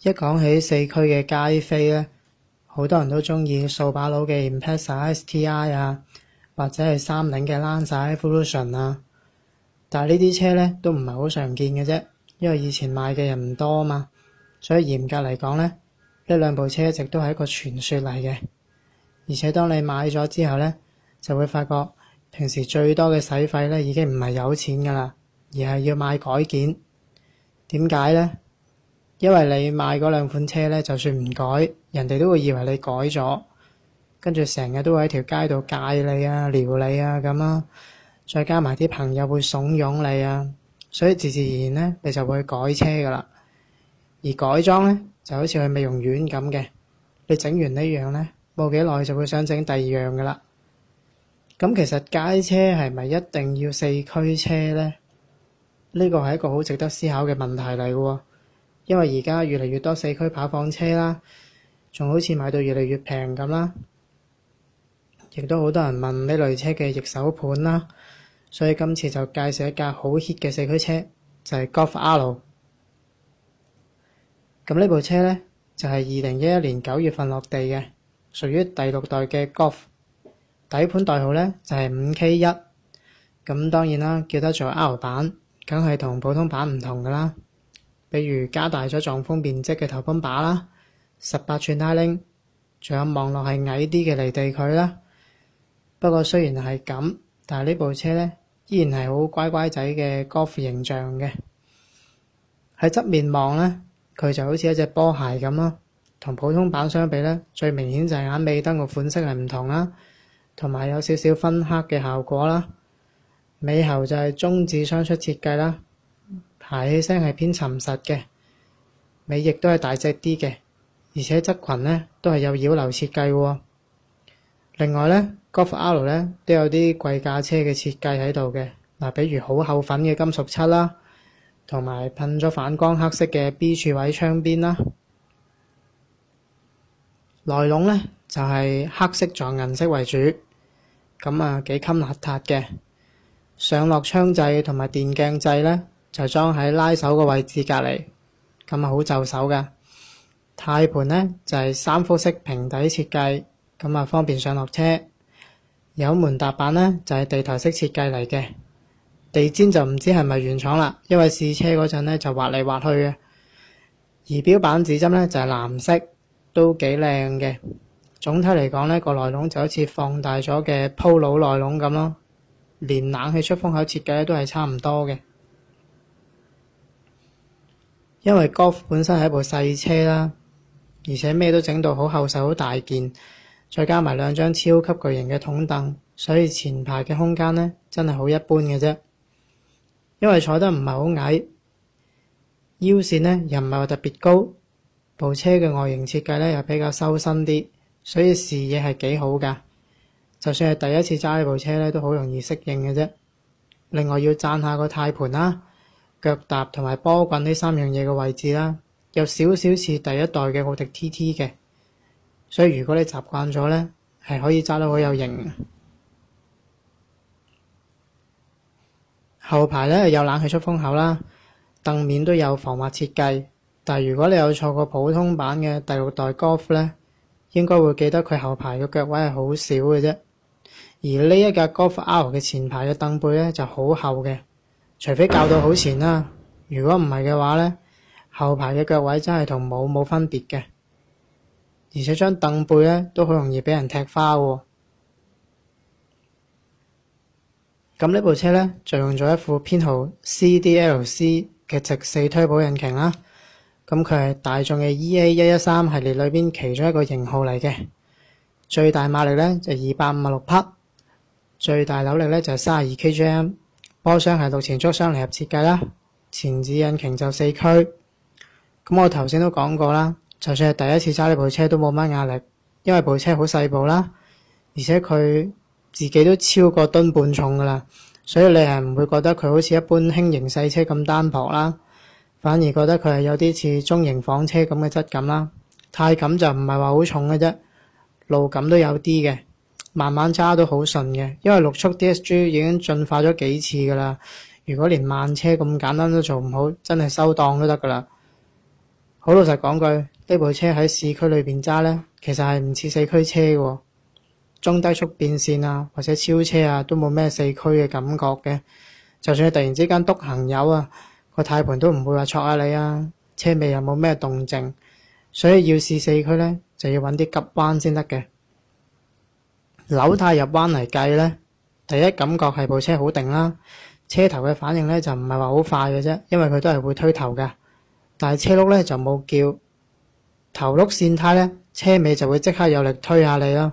一講起四驅嘅街飛咧，好多人都中意掃把佬嘅 Impreza STI 啊，或者係三菱嘅 Lancer Evolution 啊。但係呢啲車咧都唔係好常見嘅啫，因為以前買嘅人唔多啊嘛，所以嚴格嚟講咧，呢兩部車一直都係一個傳說嚟嘅。而且當你買咗之後咧，就會發覺平時最多嘅使費咧已經唔係有錢㗎啦，而係要買改件。點解咧？因為你買嗰兩款車咧，就算唔改，人哋都會以為你改咗，跟住成日都會喺條街度介你啊、撩你啊咁啊，再加埋啲朋友會慫恿你啊，所以自自然然咧，你就會改車噶啦。而改裝咧，就好似去美容院咁嘅，你整完呢樣咧冇幾耐就會想整第二樣噶啦。咁其實街車係咪一定要四驅車咧？呢個係一個好值得思考嘅問題嚟嘅喎。因為而家越嚟越多四驅跑房車啦，仲好似買到越嚟越平咁啦，亦都好多人問呢類車嘅易手盤啦，所以今次就介紹一架好 hit 嘅四驅車，就係 Golf R。咁呢部車咧就係二零一一年九月份落地嘅，屬於第六代嘅 Golf，底盤代號咧就係五 K 一，咁當然啦，叫得做 R 版，梗係同普通版唔同㗎啦。比如加大咗撞風面積嘅頭風把啦，十八寸拉 i 仲有望落係矮啲嘅離地距啦。不過雖然係咁，但係呢部車咧依然係好乖乖仔嘅 g o 形象嘅。喺側面望咧，佢就好似一隻波鞋咁咯。同普通版相比咧，最明顯就係眼尾燈嘅款式係唔同啦，同埋有少少分黑嘅效果啦。尾喉就係中置雙出設計啦。排氣聲係偏沉實嘅，尾翼都係大隻啲嘅，而且側裙呢都係有擾流設計喎。另外呢 Golf R 咧都有啲貴價車嘅設計喺度嘅，嗱，比如好厚粉嘅金屬漆啦，同埋噴咗反光黑色嘅 B 柱位窗邊啦。內籠呢就係、是、黑色撞銀色為主，咁啊幾襟邋遢嘅上落窗掣同埋電鏡掣呢，就裝喺拉手個位置隔離，咁啊好就手嘅。軚盤呢就係三幅式平底設計，咁啊方便上落車。有門踏板呢就係地台式設計嚟嘅。地氈就唔知係咪原廠啦，因為試車嗰陣呢就滑嚟滑去嘅。儀表板指針呢就係藍色，都幾靚嘅。總體嚟講呢個內籠就好似放大咗嘅 Polo 內籠咁咯，連冷氣出風口設計都係差唔多嘅。因為 Golf 本身係一部細車啦，而且咩都整到好厚實好大件，再加埋兩張超級巨型嘅桶凳，所以前排嘅空間呢真係好一般嘅啫。因為坐得唔係好矮，腰綫呢又唔係話特別高，部車嘅外形設計呢又比較修身啲，所以視野係幾好㗎。就算係第一次揸呢部車呢，都好容易適應嘅啫。另外要讚下個軚盤啦，啊。腳踏同埋波棍呢三樣嘢嘅位置啦，有少少似第一代嘅奧迪 TT 嘅，所以如果你習慣咗呢，係可以揸得好有型嘅。後排呢，有冷氣出風口啦，凳面都有防滑設計。但係如果你有坐過普通版嘅第六代 Golf 呢，應該會記得佢後排嘅腳位係好少嘅啫。而呢一架 Golf R 嘅前排嘅凳背呢，就好厚嘅。除非教到好前啦，如果唔係嘅話呢，後排嘅腳位真係同冇冇分別嘅，而且張凳背呢都好容易俾人踢花喎。咁呢部車呢，就用咗一副編號 C D L C 嘅直四 Turbo 引擎啦，咁佢係大眾嘅 E A 一一三系列裏邊其中一個型號嚟嘅，最大馬力呢就二百五十六匹，最大扭力呢就三十二 k g m。波箱係六前速箱嚟設計啦，前置引擎就四驅。咁我頭先都講過啦，就算係第一次揸呢部車都冇乜壓力，因為部車好細部啦，而且佢自己都超過噸半重噶啦，所以你係唔會覺得佢好似一般輕型細車咁單薄啦，反而覺得佢係有啲似中型房車咁嘅質感啦。軚感就唔係話好重嘅啫，路感都有啲嘅。慢慢揸都好順嘅，因為六速 DSG 已經進化咗幾次噶啦。如果連慢車咁簡單都做唔好，真係收檔都得噶啦。好老實講句，呢部車喺市區裏邊揸呢，其實係唔似四驅車嘅，中低速變線啊，或者超車啊，都冇咩四驅嘅感覺嘅。就算你突然之間篤行油啊，個踏盤都唔會話挫下你啊，車尾又冇咩動靜，所以要試四驅呢，就要揾啲急彎先得嘅。扭軚入彎嚟計咧，第一感覺係部車好定啦，車頭嘅反應咧就唔係話好快嘅啫，因為佢都係會推頭嘅。但係車碌咧就冇叫頭碌線軚咧，車尾就會即刻有力推下你啦。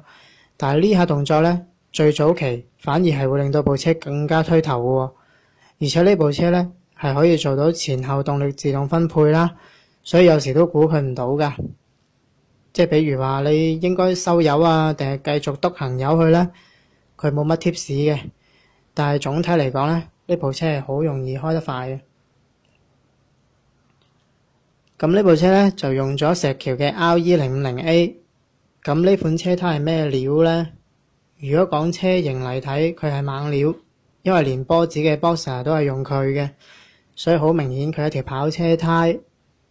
但係呢下動作咧，最早期反而係會令到部車更加推頭嘅喎。而且呢部車咧係可以做到前後動力自動分配啦，所以有時都估佢唔到㗎。即係，比如話，你應該收油啊，定係繼續篤行油去呢？佢冇乜 tips 嘅，但係總體嚟講呢，呢部車係好容易開得快嘅。咁呢部車呢，就用咗石橋嘅 RE 零五零 A。咁呢款車胎係咩料呢？如果講車型嚟睇，佢係猛料，因為連波子嘅 boxer 都係用佢嘅，所以好明顯佢係一條跑車胎，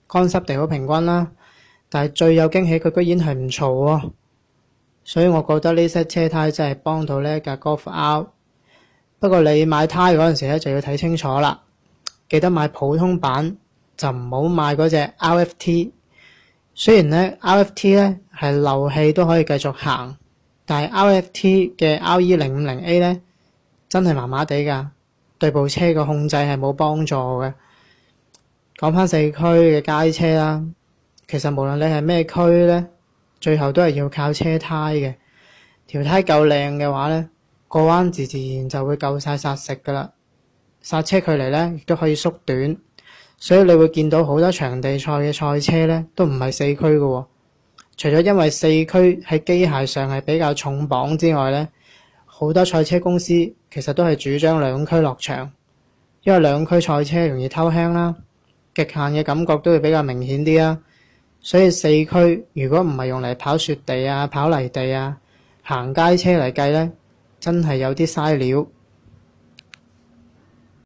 乾濕地好平均啦。但係最有驚喜，佢居然係唔嘈喎，所以我覺得呢些車胎真係幫到呢架 Golf R。不過你買胎嗰陣時咧就要睇清楚啦，記得買普通版就唔好買嗰隻 RFT。雖然咧 RFT 咧係漏氣都可以繼續行，但係 RFT 嘅 RE 零五零 A 咧真係麻麻地㗎，對部車個控制係冇幫助嘅。講翻四驅嘅街車啦。其實無論你係咩驅呢，最後都係要靠車胎嘅。條胎夠靚嘅話呢，過彎自自然就會夠晒殺食噶啦，剎車距離呢亦都可以縮短，所以你會見到好多場地賽嘅賽車呢都唔係四驅嘅喎。除咗因為四驅喺機械上係比較重磅之外呢，好多賽車公司其實都係主張兩驅落場，因為兩驅賽車容易偷輕啦、啊，極限嘅感覺都會比較明顯啲啦。所以四驅如果唔係用嚟跑雪地啊、跑泥地啊、行街車嚟計咧，真係有啲嘥料。